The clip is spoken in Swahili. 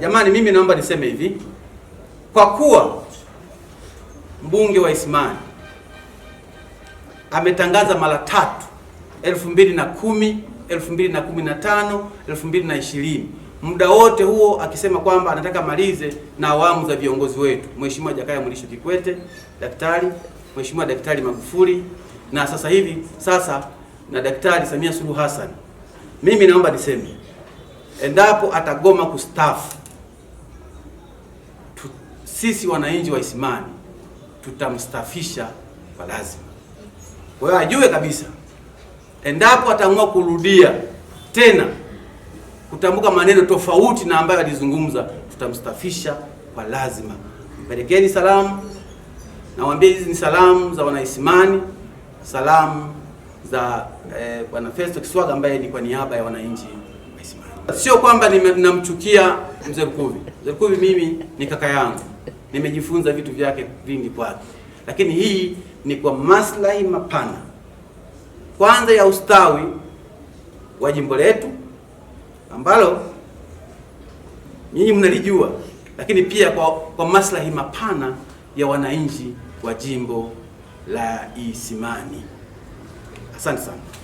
Jamani, mimi naomba niseme hivi, kwa kuwa mbunge wa Isimani ametangaza mara tatu mbili na ishirini, muda wote huo akisema kwamba anataka malize na awamu za viongozi wetu, Mheshimiwa Jakaya Mrisho Kikwete daktari, Mheshimiwa Daktari Magufuli na sasa hivi sasa na Daktari Samia Suluhu Hassan. Mimi naomba niseme endapo atagoma kustaafu sisi wananchi wa Isimani tutamstafisha kwa lazima. Kwa hiyo ajue kabisa endapo ataamua kurudia tena kutambuka maneno tofauti na ambayo alizungumza, tutamstafisha kwa lazima. Mpelekeni salamu, nawaambia hizi ni salamu za wanaisimani, salamu za eh, Festo Kiswaga ambaye ni kwa niaba ya wananchi wa Isimani. Sio kwamba ninamchukia mzee Lukuvi. Mzee Lukuvi mimi ni kaka yangu nimejifunza vitu vyake vingi kwake, lakini hii ni kwa maslahi mapana, kwanza ya ustawi wa jimbo letu ambalo nyinyi mnalijua, lakini pia kwa, kwa maslahi mapana ya wananchi wa jimbo la Isimani. Asante sana.